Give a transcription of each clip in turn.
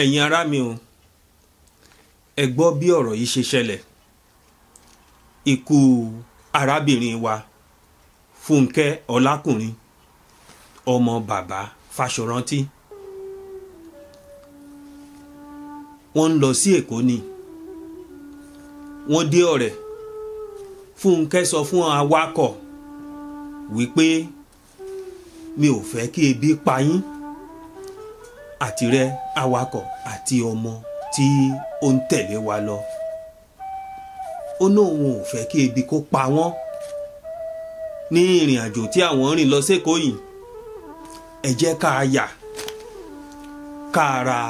ẹ̀yin ará mi o ẹ gbọ́ bí ọ̀rọ̀ yìí ṣe ṣẹlẹ̀ ikú arábìnrin wa Fúnkẹ́ Ọlákùnrin ọmọ bàbá Fáṣọrántí wọ́n ń lọ sí Èkó ni wọ́n dé ọ̀rẹ́ Fúnkẹ́ sọ fún awakọ̀ wípé mi ò fẹ́ kí ebi pa yín àtìrẹ awakọ̀ àti ọmọ tí ó ń tẹ̀lé wa lọ ó lóun ò fẹ́ kí ebi kó pa wọ́n ní ìrìn àjò tí àwọn rìn lọ sékòó yìí ẹ jẹ́ ká a yà ká a ra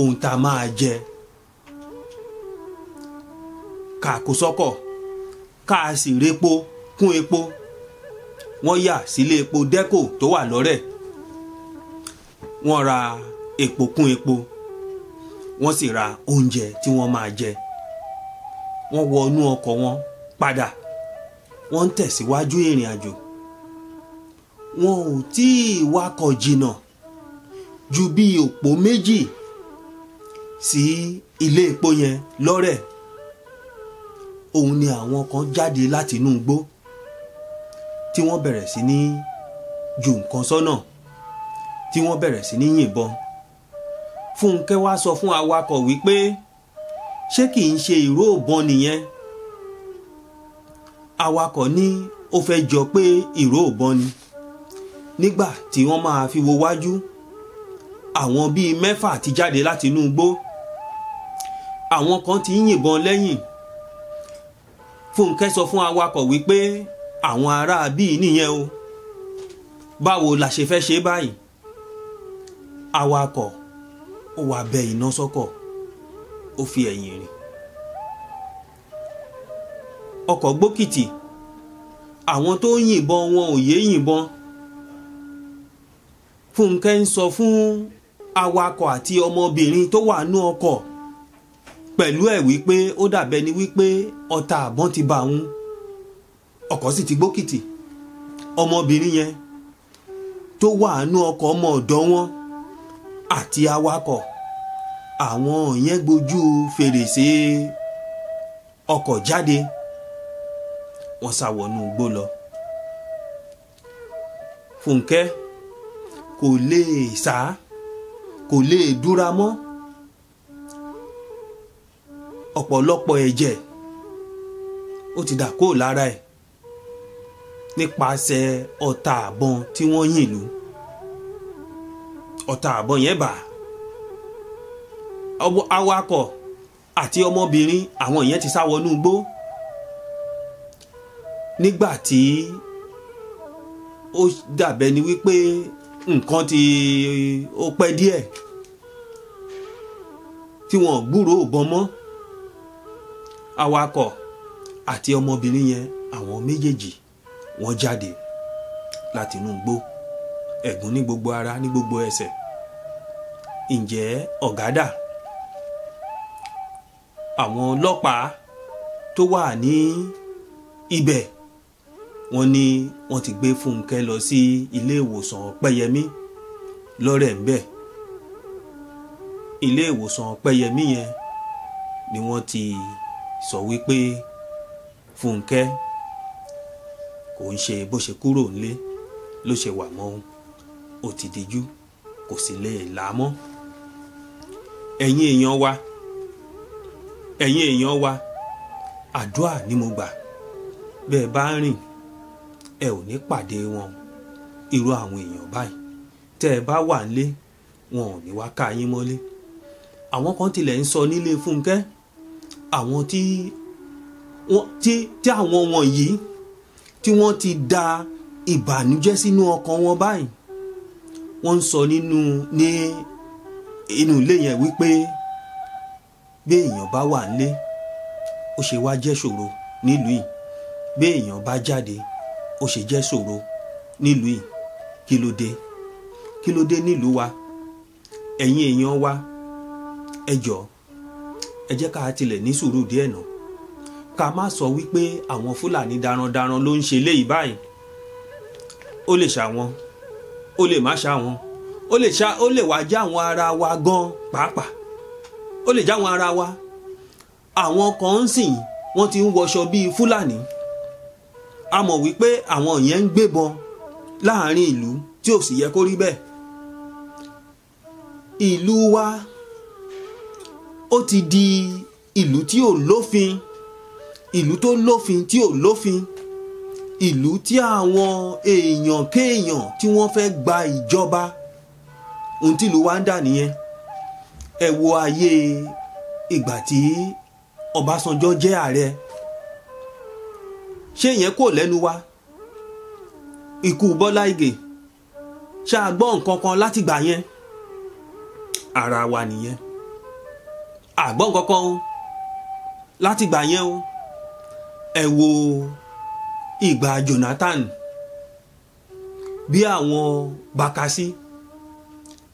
ohun tá a máa jẹ ká a kó sọ́kọ̀ ká a sì repo kún epo wọ́n yà sílé epo dẹ́kò tó wà lọ́rẹ̀ wọ́n ra epo kún epo wọ́n sì ra oúnjẹ tí wọ́n máa jẹ wọ́n wọ inú ọkọ̀ wọn padà wọ́n ń tẹ̀síwájú ìrìn àjò wọn ò tí ì wakọ̀ jìnnà ju bí òpó méjì sí ilé epo yẹn lọ́rẹ̀ òun ni àwọn kan jáde láti inú igbó tí wọ́n bẹ̀rẹ̀ sí ní ju nǹkan sọ́nà tí wọ́n bẹ̀rẹ̀ sí ní yìnbọn fúnkẹ́ wá sọ fún awakọ̀ wípé ṣé kì í ṣe ìró òbọn nìyẹn awakọ̀ ní ó fẹ́ jọ pé ìró òbọn ni nígbà tí wọ́n máa fi wo wájú àwọn bíi mẹ́fà ti jáde láti inú igbó àwọn kan ti ń yìnbọn lẹ́yìn fúnkẹ́ sọ fún awakọ̀ wípé àwọn ará bíi nìyẹn o báwo la ṣe fẹ́ ṣe báyìí awakọ̀ ó wá bẹ iná sọ́kọ̀ ó fi ẹ̀yìn rìn ọkọ̀ gbókìtì àwọn tó ń yìnbọn wọn ò yé yìnbọn fúnkẹ́ ń sọ fún awakọ̀ àti ọmọbìnrin tó wà nú ọkọ̀ pẹ̀lú ẹ̀ wípé ó dàbẹ́ ni wípé ọta àbọn ti bá òun ọkọ̀ sì ti gbókìtì ọmọbìnrin yẹn tó wà nú ọkọ̀ ọmọ ọ̀dọ́ wọn àti awakọ̀ àwọn yẹn gbójú fèrèsé ọkọ̀ jáde wọ́n sá wọnú igbó lọ fúnkẹ́ kò lè sá kò lè dúra mọ́ ọ̀pọ̀lọpọ̀ ẹ̀jẹ̀ ó ti dà kó lára ẹ̀ nípasẹ̀ ọta àbọn tí wọ́n yìn lù ọta àbọn yẹn bàá awakọ̀ àti ọmọbìnrin àwọn yẹn ti sá wọnú igbó nígbà tí ó dàbẹ̀ ni wípé nǹkan ti ó pẹ́ díẹ̀ tí wọn gbúròó ògbọ́n mọ́ awakọ̀ àti ọmọbìnrin yẹn àwọn méjèèjì wọ́n jáde láti inú igbó ẹ̀gún ní gbogbo ara ní gbogbo ẹsẹ̀ ǹjẹ́ ọ̀gádà àwọn ọlọ́pàá tó wà ní ibẹ̀ wọ́n ní wọ́n ti gbé Fúnkẹ́ lọ sí ilé ìwòsàn Pẹ́yẹmí lọ́rẹ̀ ń bẹ̀ ilé ìwòsàn Pẹ́yẹmí yẹn ni wọ́n ti sọ wípé Fúnkẹ́ kò ń ṣe bó ṣe kúrò nílé ló ṣe wà mọ́ ó ti díjú kò sì lè là á mọ́ ẹ̀yin èèyàn wa ẹ̀yin èèyàn wa àdúà ni mo gbà bẹ́ẹ̀ bá ń rìn ẹ ò ní pàdé wọn irú àwọn èèyàn báyìí tẹ́ ẹ bá wà nílé wọn ò ní wá ká yín mọ́lé àwọn kan tilẹ̀ ń sọ nílé Fúnkẹ́ àwọn tí tí tí àwọn wọ̀nyí tí wọ́n ti da ìbànújẹ́ sínú ọkàn wọn báyìí wọ́n ń sọ nínú ní inú ilé yẹn wípé bí èèyàn bá wà nílé ó ṣe wá jẹ́ ṣòro nílùú yìí bí èèyàn bá jáde ó ṣe jẹ́ ṣòro nílùú yìí kí ló dé kí ló dé nílùú wa ẹ̀yin èèyàn wa ẹ jọ̀ọ́ ẹ jẹ́ ká tilẹ̀ ní sùúrù díẹ̀ nà ká má sọ wípé àwọn fúlàní darandaran ló ń ṣe léyìí báyìí ó lè ṣàwọn ó lè má ṣàwọn ó lè wá já àwọn ara wa gan pàápàá ó lè jáwọn ara wa àwọn kan ń sìn wọ́n ti ń wọṣọ bíi fúlàní a mọ̀ wípé àwọn yẹn ń gbébọn láàrin ìlú tí ò sì yẹ kó rí bẹ́ẹ̀ ìlú wa ó ti di ìlú tí ò lófin ìlú tó lófin tí ò lófin ìlú tí àwọn èèyàn kéèyàn tí wọ́n fẹ́ gba ìjọba ohun tí ìlú wa ń dà nìyẹn ẹ wo ayé ìgbà tí Ọbásanjọ́ jẹ́ ààrẹ ṣé yẹn kò lẹ́nu wa ikú Bọ́lá Ìgè ṣáà gbọ́ nǹkan kan látìgbà yẹn ara wa nìyẹn àgbọ́ nǹkan kan o látìgbà yẹn o ẹ wo ìgbà Jonathan bí àwọn Bakassi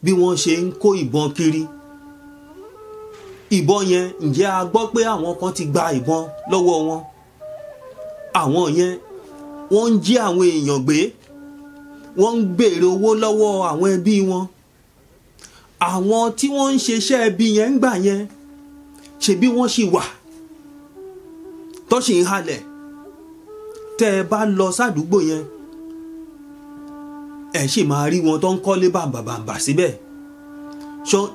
bí wọ́n ṣe ń kó ìbọn kiri ìbọn yẹn ǹjẹ́ a gbọ́ pé àwọn kan ti gba ìbọn lọ́wọ́ wọn àwọn yẹn wọ́n ń jí àwọn èèyàn gbé wọ́n ń béèrè owó lọ́wọ́ àwọn ẹbí wọn àwọn tí wọ́n ń ṣeṣẹ́ ẹbí yẹn ń gbà yẹn ṣebí wọ́n ṣì wà tó ṣì ń halẹ̀ tẹ́ ẹ bá lọ sádùúgbò yẹn ẹ ṣì máa rí wọn tó ń kọ́lé bàbàbàbà síbẹ̀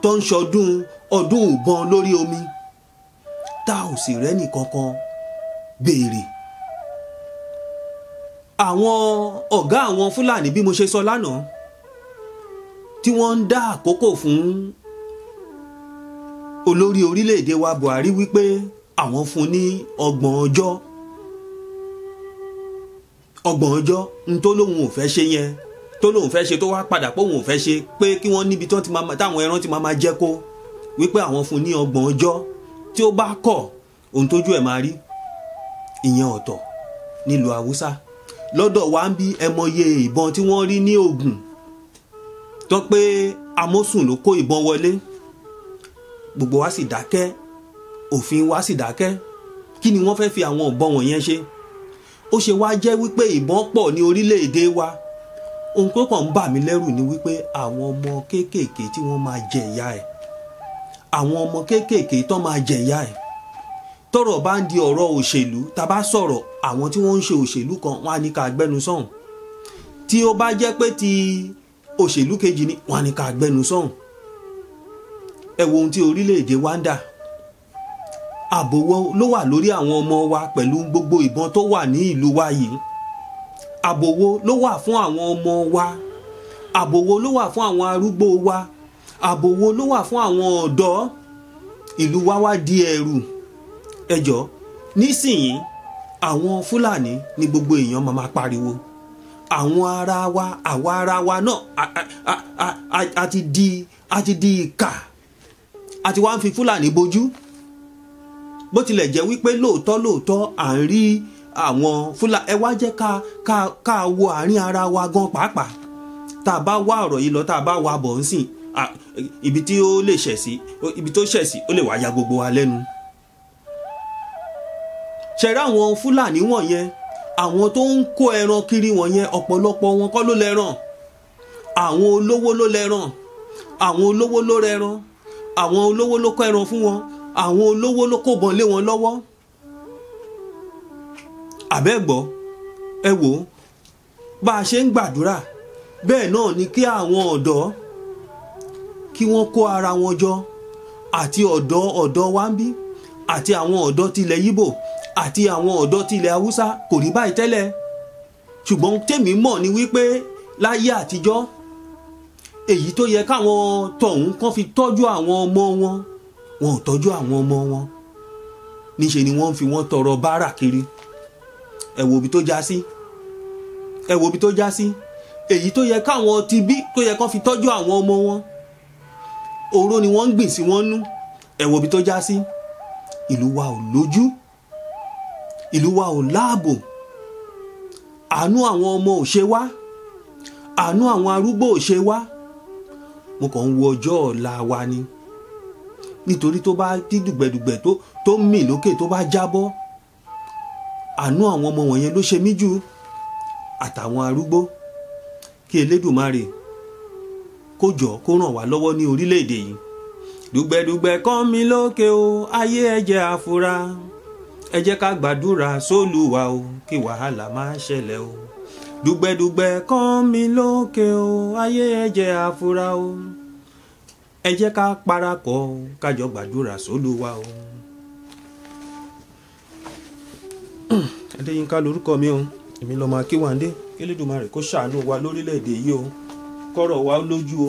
tó ń ṣọdún ọdún ìbọn lórí omi tá ò sì rẹ́nì kankan béèrè àwọn ọ̀gá àwọn fúlàní bí mo ṣe sọ lánàá tí wọ́n ń dá àkókò fún olórí orílẹ̀-èdè wa Buhari wípé àwọn fún ní ọgbọ̀n ọjọ́ ọgbọ̀n ọjọ́ n tó lóun ò fẹ́ ṣe yẹn tó lóun fẹ́ ṣe tó wá padà pé òun ò fẹ́ ṣe pé kí wọ́n níbi táwọn ẹran ti máa máa jẹ́ kó wípé àwọn fún ní ọgbọ̀n ọjọ́ tí ó bá kọ̀ ohun tójú ẹ̀ máa rí ìyẹn ọ̀tọ̀ nílùú haúsá lọ́dọ̀ wa ń bí ẹmọye ìbọn tí wọ́n rí ní Ògùn tó pé amósùn ló kó ìbọn wọlé gbogbo wa sì dákẹ́ òfin wa sì dákẹ́ kí ni wọ́n fẹ́ fi àwọn ìbọn wọ̀nyẹn ṣe ó ṣe wá jẹ́ wípé ìbọn pọ̀ ní orílẹ̀-èdè wa ohun tó kàn ń bà mí lẹ́rù ni wípé àwọn ọmọ kéékèèké tí wọ́n máa jẹ ìyá ẹ̀ àwọn ọmọ kéékèèké tó máa jẹ̀yà ẹ̀ tọrọ bá ń di ọ̀rọ̀ òṣèlú tá a bá sọ̀rọ̀ àwọn tí wọ́n ń ṣe òṣèlú kan wọ́n á ní ká gbẹnu sọ̀hún tí ó bá jẹ́ pé ti òṣèlú kejì ni wọ́n á ní ká gbẹnu sọ̀hún ẹ wo ohun tí orílẹ̀-èdè wa ń dà ààbò ló wà lórí àwọn ọmọ wa pẹ̀lú gbogbo ìbọn tó wà ní ìlú wa yìí ààbò ló wà fún àwọn ọmọ wa ààbò ló wà fún àwọn arúgbó wa ààbò wo ló wà fún àwọn ọ̀dọ́ ìlú wa wá di ẹ̀rù ẹjọ́ nísìnyí àwọn fúlàní ni gbogbo èèyàn máa ma pariwo àwọn ara wa àwa ara wa náà a ti di a ti di ìkà a ti wá ń fi fúlàní bojú bó tilẹ̀ jẹ́ wípé lóòótọ́ lóòótọ́ à ń rí àwọn fúlàní ẹ wá jẹ́ ká ká ká wo àárín ara wa gan pàápàá tá a bá wá ọ̀rọ̀ yìí lọ tá a bá wá bọ̀ ń sìn Ah, ibi tí ó lè ṣẹ̀ sí ibi tó ṣẹ̀ sí ó lè wá gbogbo wa lẹ́nu. ṣẹ̀rí àwọn fúlàní wọ̀nyẹn àwọn tó ń kó ẹran kiri wọ̀nyẹn ọ̀pọ̀lọpọ̀ wọn kọ́ ló lẹ́ràn àwọn olówó ló lẹ́ràn àwọn olówó ló rẹran àwọn olówó ló kọ́ ẹran fún wọn àwọn olówó ló kó bọn lé wọn lọ́wọ́ àbẹ́gbọ́ ẹ wò bá a ṣe ń gbàdúrà bẹ́ẹ̀ náà ni kí àwọn ọ̀dọ́ kí wọ́n kó ara wọn jọ àti ọ̀dọ́ ọ̀dọ́ wa ń bí àti àwọn ọ̀dọ́ tilẹ̀ yíbò àti àwọn ọ̀dọ́ tilẹ̀ haúsá kò rí báyìí tẹ́lẹ̀ ṣùgbọ́n tèmi mọ̀ ni wípé láyé àtijọ́ èyí tó yẹ káwọn tọ̀hún kan fi tọ́jú àwọn ọmọ wọn wọn ò tọ́jú àwọn ọmọ wọn níṣe ni wọ́n fi wọ́n tọrọ bárà kiri ẹ wo ibi tó já sí ẹ wo ibi tó já sí èyí tó yẹ káwọn ti bí tó yẹ kán fi tọ́jú àwọn ọmọ wọn oró ni wọ́n ń gbìn sí wọ́n nú ẹ̀wọ̀ bí tó já sí ìlú wa ò lójú ìlú wa ò láàbò àánú àwọn ọmọ ò ṣe wá àánú àwọn arúgbó ò ṣe wá mo kàn ń wo ọjọ́ ọ̀la wa ni nítorí tó bá tí dùgbẹ̀dùgbẹ̀ tó mì lókè tó bá jábọ́ àánú àwọn ọmọ wọ̀nyẹn ló ṣe mí jù àtàwọn arúgbó kí Elédùmarè kó jọ kó ràn wá lọ́wọ́ ní orílẹ̀-èdè yìí dùgbẹ̀dùgbẹ̀ kàn mí lókè o ayé ẹ jẹ́ àfura ẹ jẹ́ ká gbàdúrà sólùwà o kí wàhálà má ṣẹlẹ̀ o dùgbẹ̀dùgbẹ̀ kàn mí lókè o ayé ẹ àfura o ẹ jẹ́ ká parapọ̀ ká gbàdúrà sólùwà o. Adéyínká lorúkọ mi o èmi lọ́mọ Akínwándé kí Elédùmarè kó ṣàánú wa lórílẹ̀‐èdè yìí o kọ́rọ̀ wa lójú o